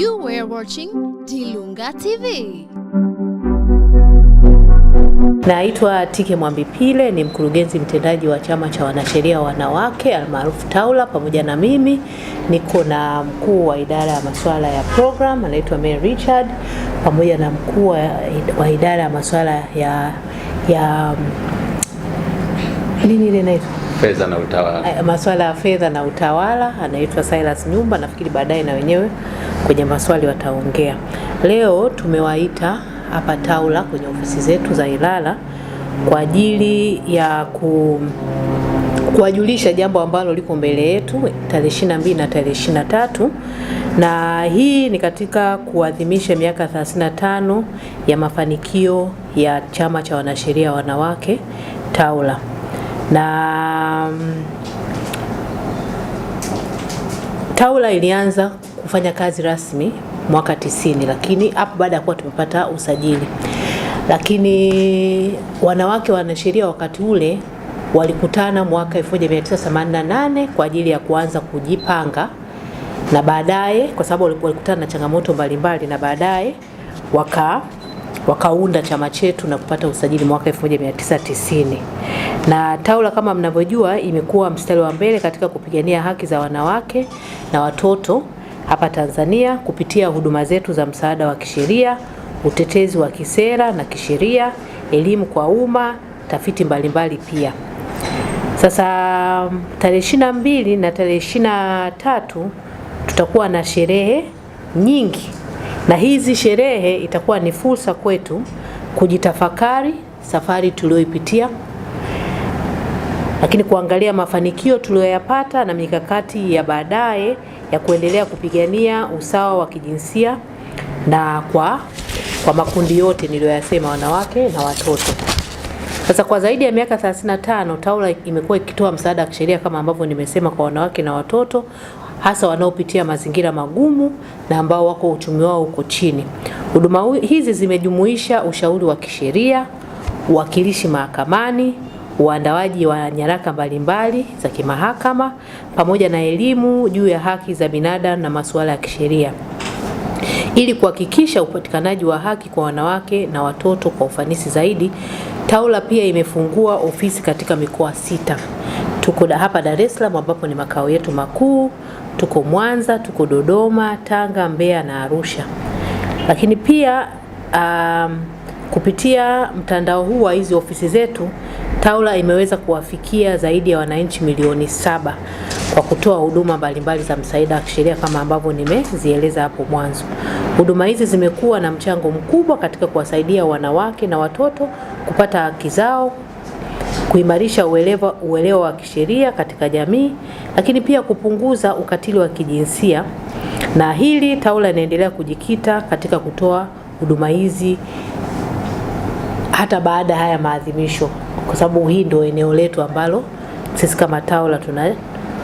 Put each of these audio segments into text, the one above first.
You were watching Dilunga TV. Naitwa Tike Mwambipile, ni mkurugenzi mtendaji wa chama cha wanasheria wanawake almaarufu Taula. Pamoja na mimi niko na mkuu wa idara ya masuala ya program anaitwa Mary Richard, pamoja na mkuu wa idara ya masuala ya ya mm, nini ile inaitwa fedha na utawala, eh, masuala ya fedha na utawala, anaitwa Silas Nyumba. Nafikiri baadaye na wenyewe kwenye maswali wataongea. Leo tumewaita hapa Taula kwenye ofisi zetu za Ilala kwa ajili ya ku kuwajulisha jambo ambalo liko mbele yetu tarehe 22 na tarehe tatu na hii ni katika kuadhimisha miaka 35 ya mafanikio ya Chama cha Wanasheria Wanawake Taula na Taula mm, ilianza kufanya kazi rasmi mwaka tisini, lakini hapo baada ya kuwa tumepata usajili, lakini wanawake wanasheria wakati ule walikutana mwaka 1988 kwa ajili ya kuanza kujipanga na baadaye, kwa sababu walikutana na changamoto mbalimbali, na baadaye waka wakaunda chama chetu na kupata usajili mwaka 1990 na TAWLA kama mnavyojua, imekuwa mstari wa mbele katika kupigania haki za wanawake na watoto hapa Tanzania kupitia huduma zetu za msaada wa kisheria, utetezi wa kisera na kisheria, elimu kwa umma, tafiti mbalimbali mbali pia. Sasa tarehe ishirini na mbili na tarehe ishirini tatu tutakuwa na sherehe nyingi na hizi sherehe itakuwa ni fursa kwetu kujitafakari safari tuliyoipitia, lakini kuangalia mafanikio tuliyoyapata na mikakati ya baadaye ya kuendelea kupigania usawa wa kijinsia na kwa, kwa makundi yote niliyoyasema, wanawake na watoto. Sasa kwa zaidi ya miaka 35 TAWLA imekuwa ikitoa msaada wa kisheria kama ambavyo nimesema kwa wanawake na watoto hasa wanaopitia mazingira magumu na ambao wako uchumi wao uko chini. Huduma hizi zimejumuisha ushauri wa kisheria, uwakilishi mahakamani, uandawaji wa nyaraka mbalimbali za kimahakama pamoja na elimu juu ya haki za binadamu na masuala ya kisheria ili kuhakikisha upatikanaji wa haki kwa wanawake na watoto kwa ufanisi zaidi. TAWLA pia imefungua ofisi katika mikoa sita. Tuko hapa Dar es Salaam ambapo ni makao yetu makuu, tuko Mwanza, tuko Dodoma, Tanga, Mbeya na Arusha. Lakini pia um, kupitia mtandao huu wa hizi ofisi zetu Taula imeweza kuwafikia zaidi ya wananchi milioni saba kwa kutoa huduma mbalimbali za msaada wa kisheria kama ambavyo nimezieleza hapo mwanzo. Huduma hizi zimekuwa na mchango mkubwa katika kuwasaidia wanawake na watoto kupata haki zao kuimarisha uelewa, uelewa wa kisheria katika jamii, lakini pia kupunguza ukatili wa kijinsia, na hili TAWLA inaendelea kujikita katika kutoa huduma hizi hata baada haya maadhimisho, kwa sababu hii ndio eneo letu ambalo sisi kama TAWLA tuna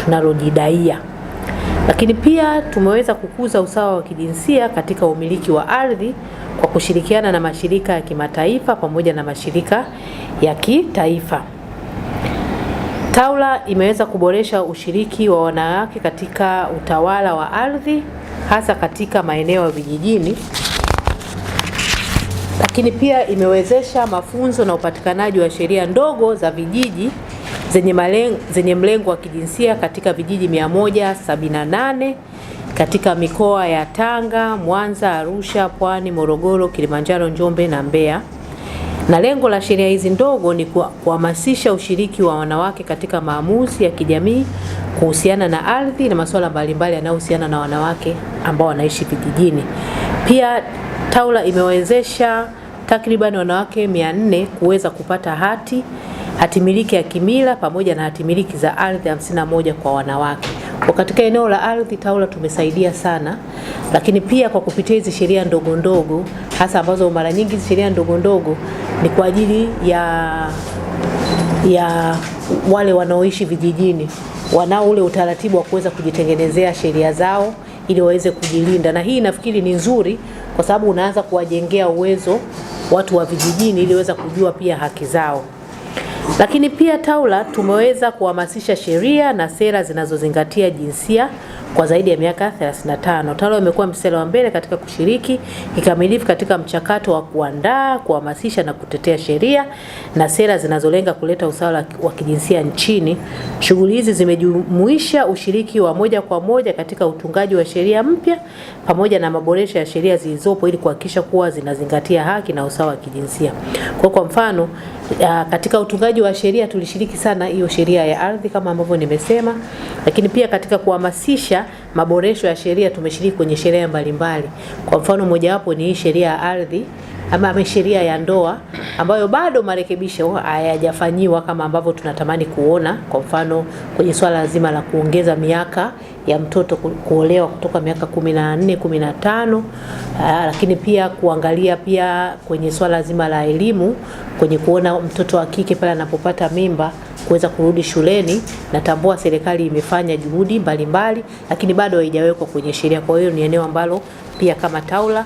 tunalojidaia. Lakini pia tumeweza kukuza usawa wa kijinsia katika umiliki wa ardhi kwa kushirikiana na mashirika ya kimataifa pamoja na mashirika ya kitaifa. TAWLA imeweza kuboresha ushiriki wa wanawake katika utawala wa ardhi hasa katika maeneo ya vijijini, lakini pia imewezesha mafunzo na upatikanaji wa sheria ndogo za vijiji zenye malengo, zenye mlengo wa kijinsia katika vijiji 178 katika mikoa ya Tanga, Mwanza, Arusha, Pwani, Morogoro, Kilimanjaro, Njombe na Mbeya na lengo la sheria hizi ndogo ni kuhamasisha ushiriki wa wanawake katika maamuzi ya kijamii kuhusiana na ardhi na masuala mbalimbali yanayohusiana na wanawake ambao wanaishi vijijini. Pia TAWLA imewezesha takriban wanawake 400 kuweza kupata hati hatimiliki ya kimila pamoja na hatimiliki za ardhi 51 kwa wanawake. Kwa katika eneo la ardhi TAWLA tumesaidia sana, lakini pia kwa kupitia hizi sheria ndogo ndogo hasa ambazo mara nyingi hizi sheria ndogo ndogo ni kwa ajili ya ya wale wanaoishi vijijini wanao ule utaratibu wa kuweza kujitengenezea sheria zao ili waweze kujilinda, na hii nafikiri ni nzuri, kwa sababu unaanza kuwajengea uwezo watu wa vijijini ili waweza kujua pia haki zao. Lakini pia TAWLA tumeweza kuhamasisha sheria na sera zinazozingatia jinsia kwa zaidi ya miaka 35. TARURA imekuwa mstari wa mbele katika kushiriki kikamilifu katika mchakato wa kuandaa, kuhamasisha na kutetea sheria na sera zinazolenga kuleta usawa wa kijinsia nchini. Shughuli hizi zimejumuisha ushiriki wa moja kwa moja katika utungaji wa sheria mpya pamoja na maboresho ya sheria zilizopo ili kuhakikisha kuwa zinazingatia haki na usawa wa kijinsia. Kwa kwa mfano katika utungaji wa sheria tulishiriki sana hiyo sheria ya ardhi kama ambavyo nimesema, lakini pia katika kuhamasisha maboresho ya sheria tumeshiriki kwenye sheria mbalimbali. Kwa mfano mojawapo ni hii sheria ya ardhi ama sheria ya ndoa ambayo bado marekebisho hayajafanyiwa kama ambavyo tunatamani kuona. Kwa mfano kwenye swala zima la kuongeza miaka ya mtoto kuolewa kutoka miaka 14, 15, ah, lakini pia kuangalia pia kwenye swala zima la elimu kwenye kuona mtoto wa kike pale anapopata mimba kuweza kurudi shuleni. Natambua serikali imefanya juhudi mbalimbali, lakini bado haijawekwa kwenye sheria. Kwa hiyo ni eneo ambalo pia kama TAWLA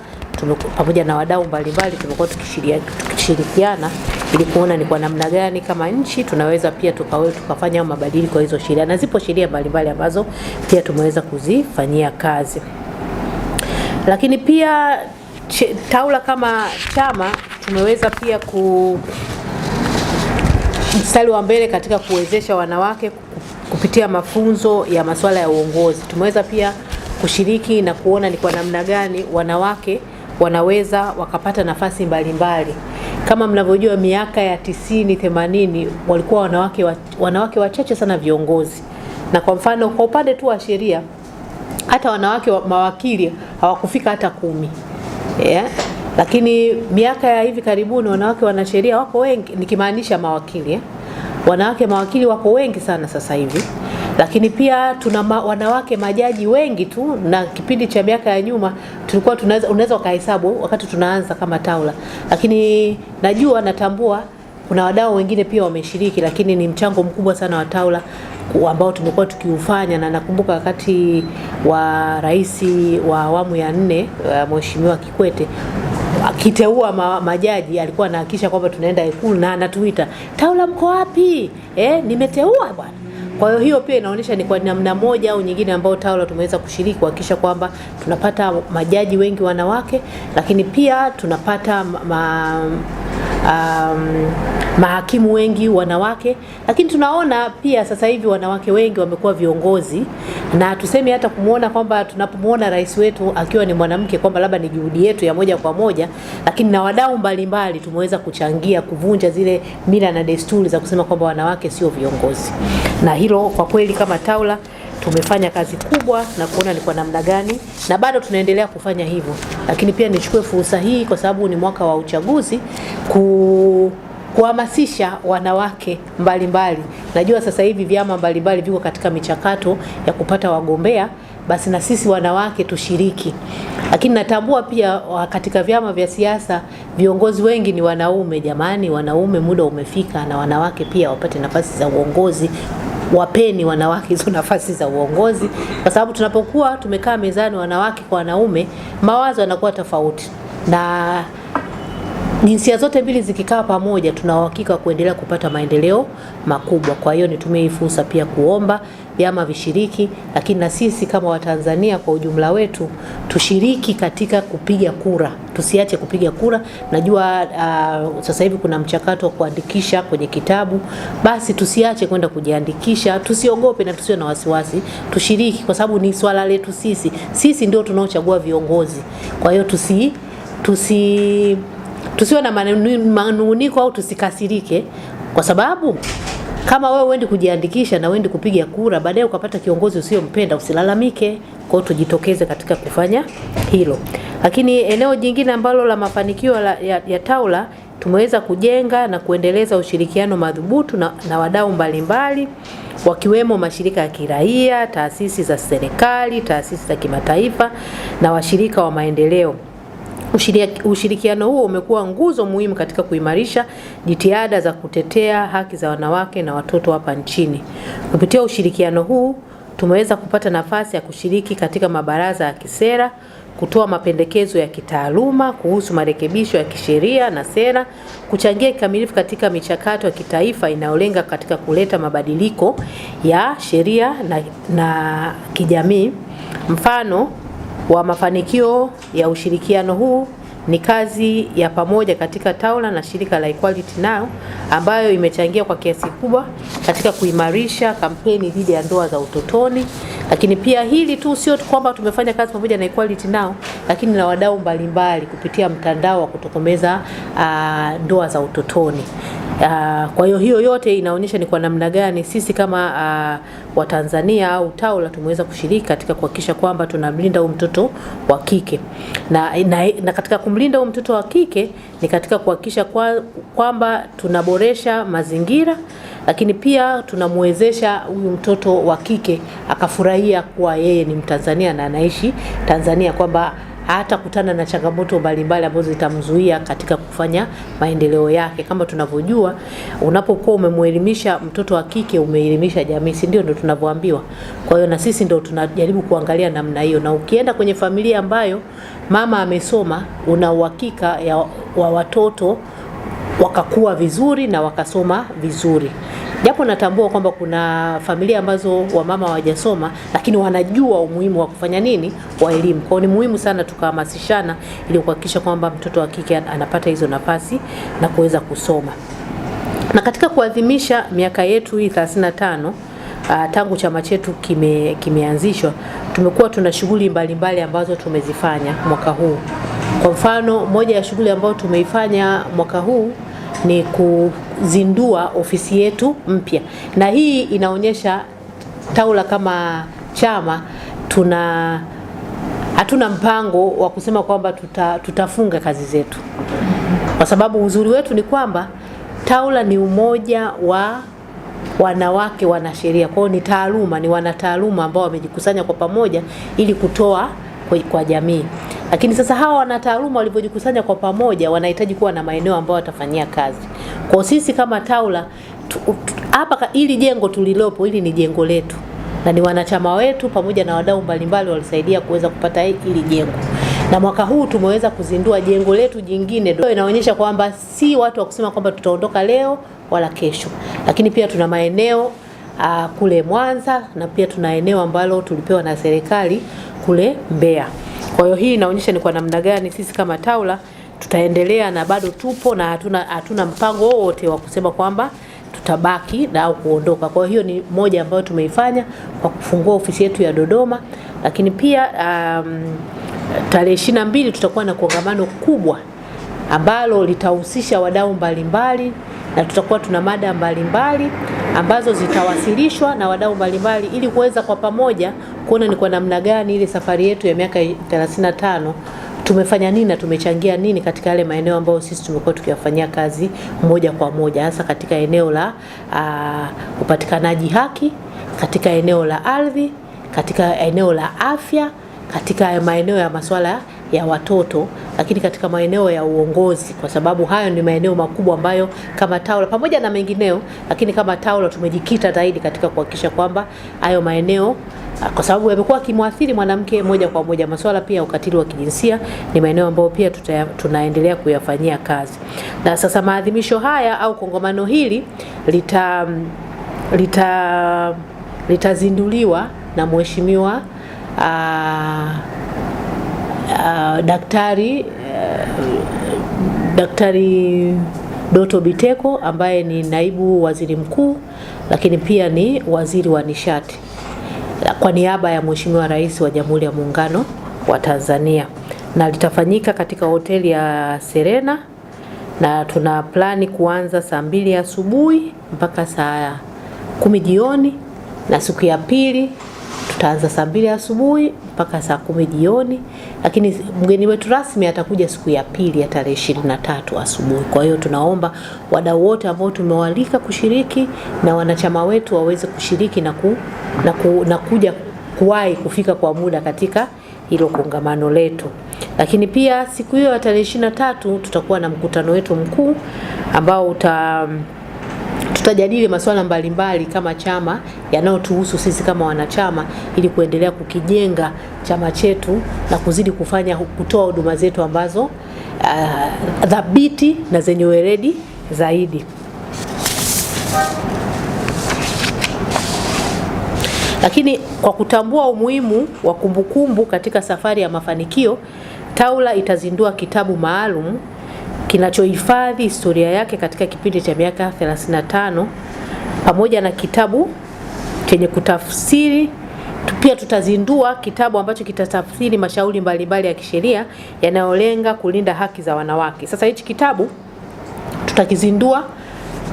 pamoja na wadau mbalimbali tumekuwa tukishirikiana ili kuona ni kwa namna gani kama nchi tunaweza pia tukawe tukafanya mabadiliko hizo sheria, na zipo sheria mbalimbali ambazo pia tumeweza kuzifanyia kazi, lakini pia TAWLA kama chama tumeweza pia ku mstari wa mbele katika kuwezesha wanawake kupitia mafunzo ya masuala ya uongozi. Tumeweza pia kushiriki na kuona ni kwa namna gani wanawake wanaweza wakapata nafasi mbalimbali mbali. Kama mnavyojua miaka ya tisini, themanini walikuwa wanawake wa, wanawake wachache sana viongozi, na kwa mfano kwa upande tu wa sheria hata wanawake wa, mawakili hawakufika hata kumi yeah. Lakini miaka ya hivi karibuni wanawake wanasheria wako wengi, nikimaanisha mawakili eh. Wanawake mawakili wako wengi sana sasa hivi lakini pia tuna ma, wanawake majaji wengi tu, na kipindi cha miaka ya nyuma tulikuwa tunaweza, unaweza ukahesabu wakati tunaanza kama Taula, lakini najua natambua kuna wadau wengine pia wameshiriki, lakini ni mchango mkubwa sana wa Taula ambao tumekuwa tukiufanya, na nakumbuka wakati wa rais wa awamu ya nne eh, Mheshimiwa Kikwete akiteua ma, majaji alikuwa anahakikisha kwamba tunaenda Ikulu na anatuita, Taula mko wapi? Eh, nimeteua bwana kwa hiyo hiyo pia inaonyesha ni kwa namna moja au nyingine ambayo TAWLA tumeweza kushiriki kuhakikisha kwamba tunapata majaji wengi wanawake, lakini pia tunapata ma, ma, um, mahakimu wengi wanawake, lakini tunaona pia sasa hivi wanawake wengi wamekuwa viongozi, na tuseme hata kumuona kwamba tunapomwona rais wetu akiwa ni mwanamke kwamba labda ni juhudi yetu ya moja kwa moja, lakini na wadau mbalimbali tumeweza kuchangia kuvunja zile mila na desturi za kusema kwamba wanawake sio viongozi, na hilo kwa kweli kama TAWLA tumefanya kazi kubwa na kuona ni kwa namna gani, na bado tunaendelea kufanya hivyo. Lakini pia nichukue fursa hii kwa sababu ni mwaka wa uchaguzi ku kuhamasisha wanawake mbalimbali mbali. Najua sasa hivi vyama mbalimbali viko katika michakato ya kupata wagombea, basi na sisi wanawake tushiriki. Lakini natambua pia uh, katika vyama vya siasa viongozi wengi ni wanaume. Jamani, wanaume, muda umefika na wanawake pia wapate nafasi za uongozi wapeni wanawake hizo nafasi za uongozi, kwa sababu tunapokuwa tumekaa mezani wanawake kwa wanaume, mawazo yanakuwa tofauti na Jinsia zote mbili zikikaa pamoja, tuna uhakika wa kuendelea kupata maendeleo makubwa. Kwa hiyo nitumie hii fursa pia kuomba vyama vishiriki, lakini na sisi kama Watanzania kwa ujumla wetu tushiriki katika kupiga kura, tusiache kupiga kura. Najua uh, sasa hivi kuna mchakato wa kuandikisha kwenye kitabu, basi tusiache kwenda kujiandikisha, tusiogope na tusiwe na wasiwasi, tushiriki kwa sababu ni swala letu sisi. Sisi ndio tunaochagua viongozi, kwa hiyo tusi tusi Tusiwe na manunguniko au tusikasirike, kwa sababu kama wewe uendi kujiandikisha na uendi kupiga kura, baadaye ukapata kiongozi usiyompenda, usilalamike. Kwa hiyo tujitokeze katika kufanya hilo. Lakini eneo jingine ambalo la mafanikio la, ya, ya Taula tumeweza kujenga na kuendeleza ushirikiano madhubutu na, na wadau mbalimbali wakiwemo mashirika ya kiraia, taasisi za serikali, taasisi za kimataifa na washirika wa maendeleo. Ushirikiano huo umekuwa nguzo muhimu katika kuimarisha jitihada za kutetea haki za wanawake na watoto hapa nchini. Kupitia ushirikiano huu tumeweza kupata nafasi ya kushiriki katika mabaraza ya kisera, kutoa mapendekezo ya kitaaluma kuhusu marekebisho ya kisheria na sera, kuchangia kikamilifu katika michakato ya kitaifa inayolenga katika kuleta mabadiliko ya sheria na, na kijamii mfano wa mafanikio ya ushirikiano huu ni kazi ya pamoja katika TAWLA na shirika la Equality Now ambayo imechangia kwa kiasi kubwa katika kuimarisha kampeni dhidi ya ndoa za utotoni. Lakini pia hili tu sio kwamba tumefanya kazi pamoja na Equality Now, lakini na wadau mbalimbali kupitia mtandao wa kutokomeza uh, ndoa za utotoni. Uh, kwa hiyo hiyo yote inaonyesha ni kwa namna gani sisi kama uh, Watanzania au TAWLA tumeweza kushiriki katika kuhakikisha kwamba tunamlinda huyu mtoto wa kike na, na, na katika kumlinda huyu mtoto wa kike ni katika kuhakikisha kwa, kwamba tunaboresha mazingira, lakini pia tunamwezesha huyu mtoto wa kike akafurahia kuwa yeye ni Mtanzania na anaishi Tanzania kwamba hatakutana na changamoto mbalimbali ambazo zitamzuia katika kufanya maendeleo yake. Kama tunavyojua, unapokuwa umemwelimisha mtoto wa kike, umeelimisha jamii, si ndio? Ndio tunavyoambiwa. Kwa hiyo na sisi ndio tunajaribu kuangalia namna hiyo, na ukienda kwenye familia ambayo mama amesoma, una uhakika wa watoto wakakuwa vizuri na wakasoma vizuri japo natambua kwamba kuna familia ambazo wamama hawajasoma, lakini wanajua umuhimu wa kufanya nini wa elimu. Kwao ni muhimu sana tukahamasishana, ili kuhakikisha kwamba mtoto wa kike anapata hizo nafasi na kuweza kusoma. Na katika kuadhimisha miaka yetu hii 35 Uh, ah, tangu chama chetu kime, kimeanzishwa tumekuwa tuna shughuli mbalimbali ambazo tumezifanya mwaka huu. Kwa mfano, moja ya shughuli ambayo tumeifanya mwaka huu ni kuzindua ofisi yetu mpya, na hii inaonyesha TAWLA kama chama tuna hatuna mpango wa kusema kwamba tuta, tutafunga kazi zetu, kwa sababu uzuri wetu ni kwamba TAWLA ni umoja wa wanawake wanasheria. Kwa hiyo ni taaluma, ni wanataaluma ambao wamejikusanya kwa pamoja ili kutoa kwa, kwa jamii. Lakini sasa hawa wanataaluma walivyojikusanya kwa pamoja, wanahitaji kuwa na maeneo ambayo watafanyia kazi. Kwa sisi kama TAWLA hapa, ili jengo tulilopo ili ni jengo letu na ni wanachama wetu pamoja na wadau mbalimbali walisaidia kuweza kupata hili jengo, na mwaka huu tumeweza kuzindua jengo letu jingine. Inaonyesha kwamba si watu wa kusema kwamba tutaondoka leo wala kesho, lakini pia tuna maeneo uh, kule Mwanza na pia tuna eneo ambalo tulipewa na serikali kule Mbeya. Kwa hiyo hii inaonyesha ni kwa namna gani sisi kama TAWLA tutaendelea na bado tupo na hatuna, hatuna mpango wowote wa kusema kwamba tutabaki na au kuondoka. Kwa hiyo ni moja ambayo tumeifanya kwa kufungua ofisi yetu ya Dodoma, lakini pia um, tarehe ishirini na mbili tutakuwa na kongamano kubwa ambalo litahusisha wadau mbalimbali na tutakuwa tuna mada mbalimbali mbali ambazo zitawasilishwa na wadau mbalimbali ili kuweza kwa pamoja kuona ni kwa namna gani ile safari yetu ya miaka 35 tumefanya nini na tumechangia nini katika yale maeneo ambayo sisi tumekuwa tukiyafanyia kazi moja kwa moja, hasa katika eneo la uh, upatikanaji haki, katika eneo la ardhi, katika eneo la afya, katika maeneo ya masuala ya watoto, lakini katika maeneo ya uongozi, kwa sababu hayo ni maeneo makubwa ambayo kama TAWLA pamoja na mengineo, lakini kama TAWLA tumejikita zaidi katika kuhakikisha kwamba hayo maeneo kwa sababu yamekuwa akimwathiri mwanamke moja kwa moja. Masuala pia ya ukatili wa kijinsia ni maeneo ambayo pia tuta, tunaendelea kuyafanyia kazi, na sasa maadhimisho haya au kongamano hili lita lita litazinduliwa na mheshimiwa Uh, daktari uh, daktari Doto Biteko ambaye ni naibu waziri mkuu, lakini pia ni waziri wa nishati kwa niaba ya Mheshimiwa Rais wa Jamhuri ya Muungano wa Tanzania, na litafanyika katika hoteli ya Serena na tuna plani kuanza saa mbili asubuhi mpaka saa kumi jioni, na siku ya pili tutaanza saa mbili asubuhi mpaka saa kumi jioni, lakini mgeni wetu rasmi atakuja siku ya pili ya tarehe ishirini na tatu asubuhi. Kwa hiyo tunaomba wadau wote ambao tumewalika kushiriki na wanachama wetu waweze kushiriki na, ku, na, ku, na kuja kuwahi kufika kwa muda katika hilo kongamano letu. Lakini pia siku hiyo ya tarehe ishirini na tatu tutakuwa na mkutano wetu mkuu ambao uta Tutajadili masuala mbalimbali kama chama yanayotuhusu sisi kama wanachama, ili kuendelea kukijenga chama chetu na kuzidi kufanya kutoa huduma zetu ambazo uh, thabiti na zenye weledi zaidi. Lakini kwa kutambua umuhimu wa kumbukumbu katika safari ya mafanikio, Taula itazindua kitabu maalum kinachohifadhi historia yake katika kipindi cha miaka 35 pamoja na kitabu chenye kutafsiri. Pia tutazindua kitabu ambacho kitatafsiri mashauri mbalimbali ya kisheria yanayolenga kulinda haki za wanawake. Sasa hichi kitabu tutakizindua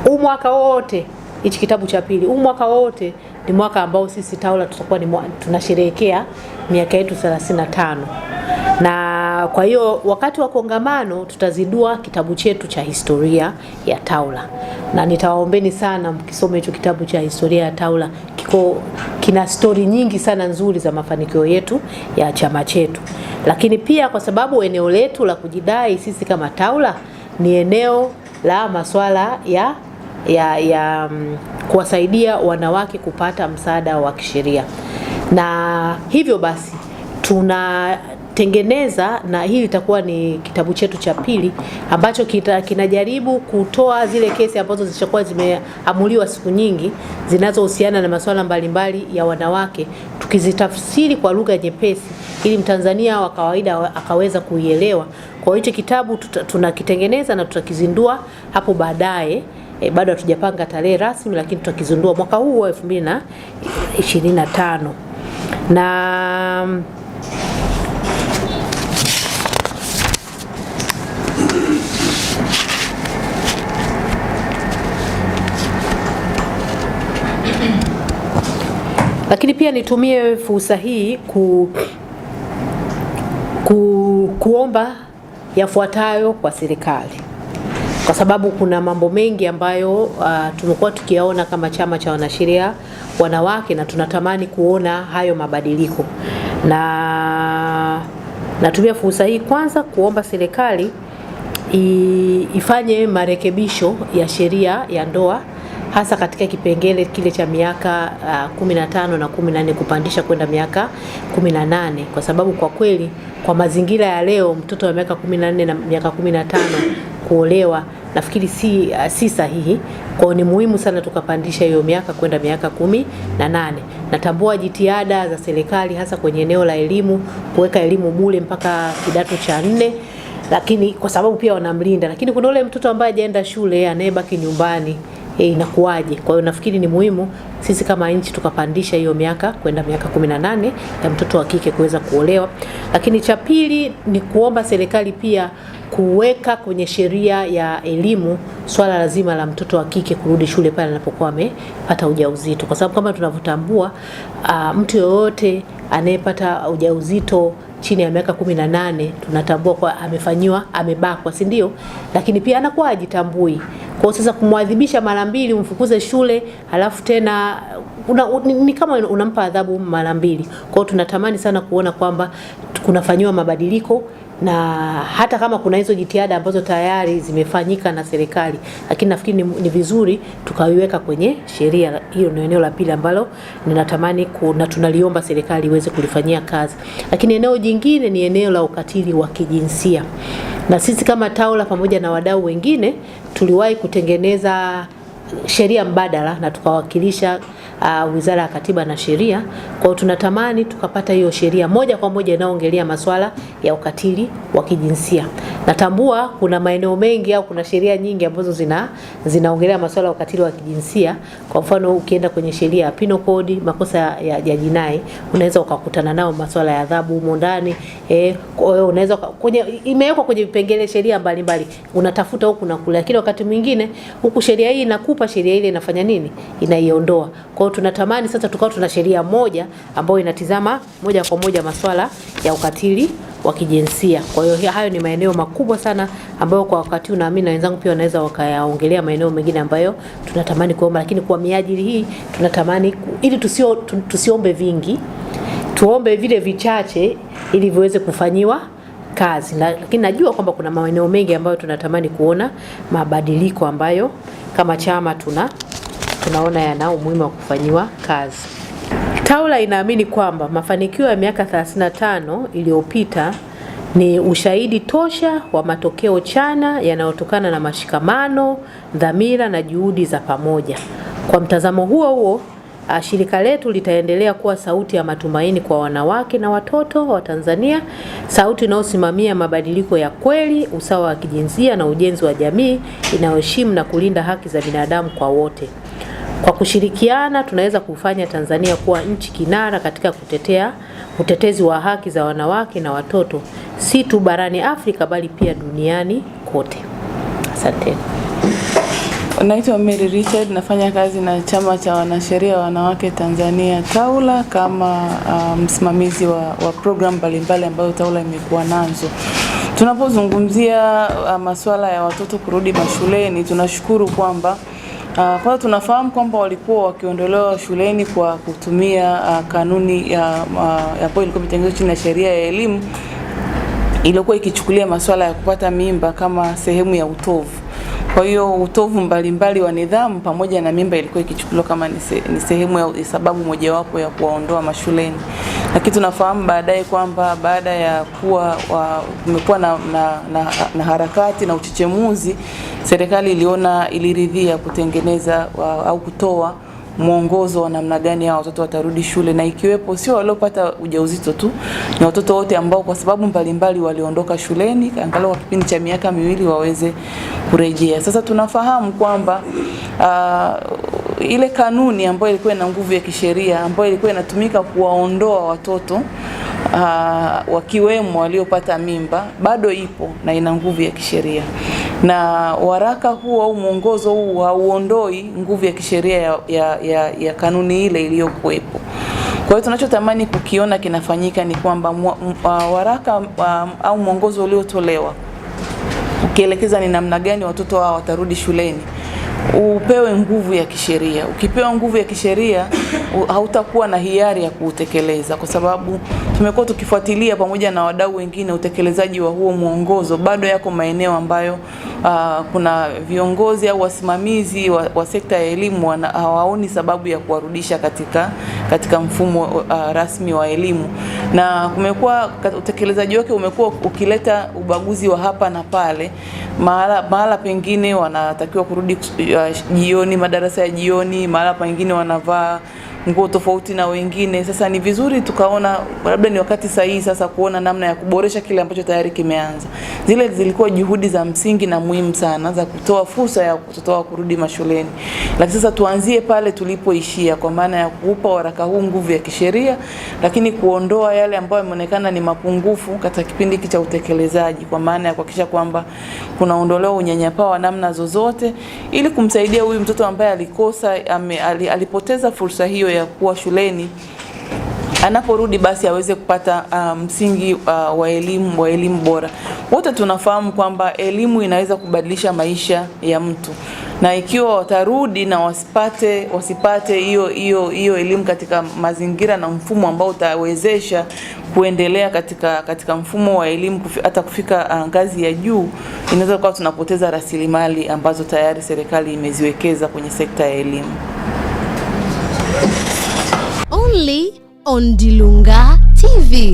huu mwaka wote, hichi kitabu cha pili huu mwaka wote ni mwaka ambao sisi TAWLA tutakuwa tunasherehekea miaka yetu 35 na Ah, kwa hiyo wakati wa kongamano tutazidua kitabu chetu cha historia ya Taula, na nitawaombeni sana mkisome hicho kitabu cha historia ya Taula. Kiko kina stori nyingi sana nzuri za mafanikio yetu ya chama chetu, lakini pia kwa sababu eneo letu la kujidai sisi kama Taula ni eneo la masuala ya ya, ya um, kuwasaidia wanawake kupata msaada wa kisheria, na hivyo basi tuna tengeneza na hii itakuwa ni kitabu chetu cha pili ambacho kita, kinajaribu kutoa zile kesi ambazo zilizokuwa zimeamuliwa siku nyingi zinazohusiana na masuala mbalimbali ya wanawake, tukizitafsiri kwa lugha nyepesi ili Mtanzania wa kawaida akaweza kuielewa. Kwa hiyo hicho kitabu tunakitengeneza na tutakizindua hapo baadaye. E, bado hatujapanga tarehe rasmi lakini tutakizindua mwaka huu wa 2025 na Lakini pia nitumie fursa hii ku, ku, kuomba yafuatayo kwa serikali kwa sababu kuna mambo mengi ambayo uh, tumekuwa tukiyaona kama chama cha wanasheria wanawake na tunatamani kuona hayo mabadiliko, na natumia fursa hii kwanza kuomba serikali ifanye marekebisho ya sheria ya ndoa hasa katika kipengele kile cha miaka uh, kumi na tano na kumi na nne kupandisha kwenda miaka kumi na nane kwa sababu kwa kweli kwa mazingira ya leo mtoto wa miaka kumi na nne na miaka kumi na tano kuolewa nafikiri si, uh, si sahihi. Kwao ni muhimu sana tukapandisha hiyo miaka kwenda miaka kumi na nane. Natambua jitihada za serikali hasa kwenye eneo la elimu kuweka elimu bure mpaka kidato cha nne lakini kwa sababu pia wanamlinda, lakini kuna ule mtoto ambaye hajaenda shule anayebaki nyumbani e, inakuwaje. Kwa hiyo nafikiri ni muhimu sisi kama nchi tukapandisha hiyo miaka kwenda miaka 18 ya mtoto wa kike kuweza kuolewa. Lakini cha pili ni kuomba serikali pia kuweka kwenye sheria ya elimu swala lazima la mtoto wa kike kurudi shule pale anapokuwa amepata ujauzito, kwa sababu kama tunavyotambua, uh, mtu yoyote anayepata ujauzito chini ya miaka kumi na nane tunatambua kwa amefanyiwa amebakwa, si ndio? Lakini pia anakuwa ajitambui. Kwa sasa kumwadhibisha mara mbili, umfukuze shule, halafu tena una, ni, ni kama unampa adhabu mara mbili. Kwa hiyo tunatamani sana kuona kwamba kunafanyiwa mabadiliko na hata kama kuna hizo jitihada ambazo tayari zimefanyika na serikali, lakini nafikiri ni, ni vizuri tukaiweka kwenye sheria. Hiyo ni eneo la pili ambalo ninatamani na tunaliomba serikali iweze kulifanyia kazi. Lakini eneo jingine ni eneo la ukatili wa kijinsia, na sisi kama TAWLA pamoja na wadau wengine tuliwahi kutengeneza sheria mbadala na tukawakilisha uh, Wizara ya Katiba na Sheria. Kwa hiyo tunatamani tukapata hiyo sheria moja kwa moja inayoongelea masuala ya ukatili wa kijinsia. Natambua kuna maeneo mengi au kuna sheria nyingi ambazo zina zinaongelea masuala ya ukatili wa kijinsia. Kwa mfano, ukienda kwenye sheria ya Penal Code, makosa ya, ya jinai, unaweza ukakutana nao masuala ya adhabu humo ndani. Eh, kwa hiyo unaweza kwenye imewekwa kwenye vipengele sheria mbalimbali. Unatafuta huku na kule, lakini wakati mwingine huku sheria hii inakupa sheria ile inafanya nini? Inaiondoa. Kwa kwao tunatamani sasa tukao tuna sheria moja ambayo inatizama moja kwa moja masuala ya ukatili wa kijinsia. Kwa hiyo hayo ni maeneo makubwa sana ambayo kwa wakati unaamini na wenzangu pia wanaweza wakayaongelea maeneo mengine ambayo tunatamani kuomba, lakini kwa miajili hii tunatamani ili tusio, tusiombe vingi, tuombe vile vichache ili viweze kufanyiwa kazi, na, lakini najua kwamba kuna maeneo mengi ambayo tunatamani kuona mabadiliko ambayo kama chama tuna tunaona yana umuhimu wa kufanyiwa kazi. TAWLA inaamini kwamba mafanikio ya miaka 35 iliyopita ni ushahidi tosha wa matokeo chana yanayotokana na mashikamano, dhamira na juhudi za pamoja. Kwa mtazamo huo huo, shirika letu litaendelea kuwa sauti ya matumaini kwa wanawake na watoto wa Tanzania, sauti inayosimamia mabadiliko ya kweli, usawa wa kijinsia na ujenzi wa jamii inayoheshimu na kulinda haki za binadamu kwa wote. Kwa kushirikiana tunaweza kufanya Tanzania kuwa nchi kinara katika kutetea utetezi wa haki za wanawake na watoto si tu barani Afrika bali pia duniani kote. Asante. Naitwa Mary Richard, nafanya kazi na chama cha wanasheria wanawake Tanzania TAWLA kama uh, msimamizi um, wa, wa programu mbalimbali ambayo TAWLA imekuwa nazo. Tunapozungumzia uh, masuala ya watoto kurudi mashuleni, tunashukuru kwamba Ah, kwa hiyo tunafahamu kwamba walikuwa wakiondolewa shuleni kwa kutumia ah, kanuni ya ambayo ah, ilikuwa imetengenezwa chini ya sheria ya elimu iliyokuwa ikichukulia masuala ya kupata mimba kama sehemu ya utovu. Kwa hiyo utovu mbalimbali wa nidhamu pamoja na mimba ilikuwa ikichukuliwa kama ni sehemu ya sababu mojawapo ya kuwaondoa mashuleni, lakini tunafahamu baadaye kwamba baada ya kuwa kumekuwa na, na, na, na harakati na uchechemuzi, serikali iliona iliridhia kutengeneza wa, au kutoa mwongozo wa namna gani hao watoto watarudi shule, na ikiwepo sio waliopata ujauzito tu, ni watoto wote ambao kwa sababu mbalimbali waliondoka shuleni angalau kwa kipindi cha miaka miwili waweze kurejea. Sasa tunafahamu kwamba uh, ile kanuni ambayo ilikuwa ina nguvu ya kisheria ambayo ilikuwa inatumika kuwaondoa watoto uh, wakiwemo waliopata mimba bado ipo na ina nguvu ya kisheria na waraka huu au mwongozo huu hauondoi nguvu ya kisheria ya, ya, ya, ya kanuni ile iliyokuwepo. Kwa hiyo tunachotamani kukiona kinafanyika ni kwamba waraka au mwongozo uliotolewa ukielekeza ni namna gani watoto hao watarudi shuleni upewe nguvu ya kisheria. Ukipewa nguvu ya kisheria hautakuwa na hiari ya kuutekeleza, kwa sababu tumekuwa tukifuatilia pamoja na wadau wengine utekelezaji wa huo mwongozo. Bado yako maeneo ambayo uh, kuna viongozi au wasimamizi wa, wa sekta ya elimu hawaoni sababu ya kuwarudisha katika, katika mfumo uh, rasmi wa elimu, na kumekuwa utekelezaji wake umekuwa ukileta ubaguzi wa hapa na pale. Mahala, mahala pengine wanatakiwa kurudi uh, jioni madarasa ya jioni, mahala pengine wanavaa nguo tofauti na wengine. Sasa ni vizuri tukaona labda ni wakati sahihi sasa kuona namna ya kuboresha kile ambacho tayari kimeanza. Zile zilikuwa juhudi za msingi na muhimu sana za kutoa fursa ya watoto kutoa kurudi mashuleni, lakini sasa tuanzie pale tulipoishia, kwa maana ya kuupa waraka huu nguvu ya kisheria, lakini kuondoa yale ambayo yameonekana ni mapungufu katika kipindi hiki cha utekelezaji, kwa maana ya kuhakikisha kwamba kunaondolewa unyanyapaa wa namna zozote, ili kumsaidia huyu mtoto ambaye alikosa ame, alipoteza fursa hiyo ya kuwa shuleni anaporudi basi aweze kupata ah, msingi um, uh, wa elimu wa elimu bora. Wote tunafahamu kwamba elimu inaweza kubadilisha maisha ya mtu, na ikiwa watarudi na wasipate wasipate hiyo hiyo hiyo elimu katika mazingira na mfumo ambao utawezesha kuendelea katika katika mfumo wa elimu kufi, hata kufika ah, ngazi uh, ya juu, inaweza kuwa tunapoteza rasilimali ambazo tayari serikali imeziwekeza kwenye sekta ya elimu only on Dilunga TV.